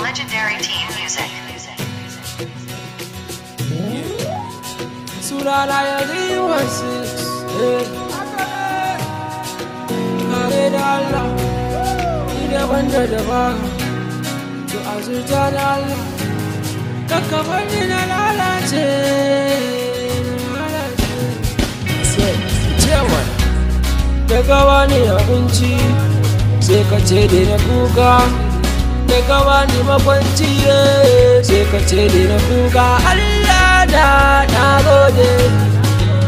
legendary team music. Sudan Ayali versus Kare da Allah Idaban da dabara To azurta da Allah Kakkamar ni na lalace Cewa daga wani abinci sai ka ce da kuka da gawa ni makwanci eh, sai ka ce ni na kuka Allah da na gode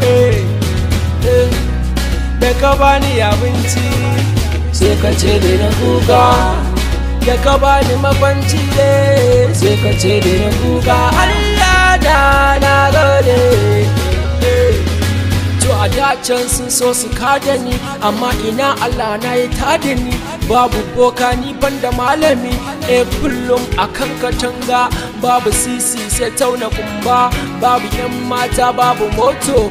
eh, eh, da ka bani abinci sai ka ce ni na kuka da ka makwanci ne sai ka ce ni na kuka Allah da na gode to a da can sun so su kada ni amma ina Allah na yi tada ni babu boka ni ban da malami e kullum a kan katanga babu sisi sai tauna kumba babu yan mata babu moto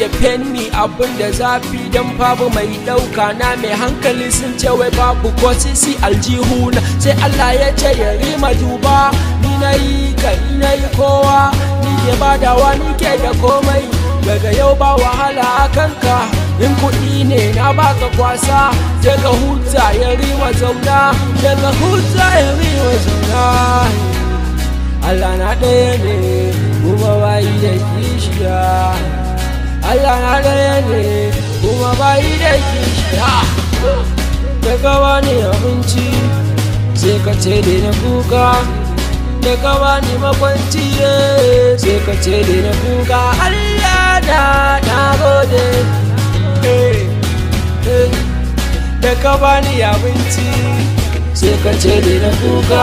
da penny abin da zafi Dan babu mai ɗauka na mai hankali sun ce wai babu ko sisi aljihuna sai Allah ya ce ya rima duba ni na yi ka ni na yi kowa ni ke badawa ni ke da komai daga yau ba wahala a kanka in kuɗi ne na baka kwasa je ka huta ya riwa zauna je ka huta ya riwa zauna Allah na ɗaya ne kuma bayi da kishiya Allah na ɗaya ne kuma bayi da kishiya da ka ni abinci sai ka ce da na kuka da ka ni makwanci eh, sai ka ce da na kuka Allah na na gode Eh, eh, da ka bani abinci sai ka ce ni na kuka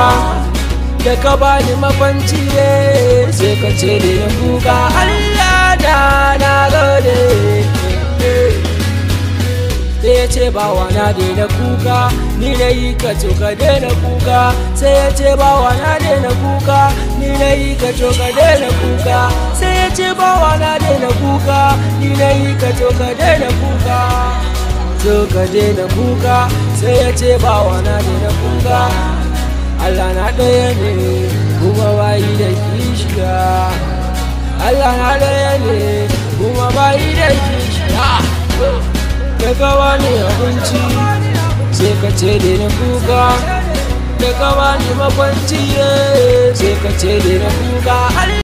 da ka bani mafanci eh, sai ka ce ni na kuka Allah da na gode sai ya ce bawa na daina kuka ni na yi ka ka daina kuka sai ya ce bawa na daina kuka na yi ka to daina kuka sai ya ce bawa na daina kuka ni na yi ka daina kuka to ka daina kuka sai ya ce bawa na daina kuka Allah na ɗaya ne kuma bayi da kishiya Allah na ɗaya ne kuma bayi da kishiya Daga wani abinci sai ka ce daina kuka ka ni makwanci eh, sai ka da na kuka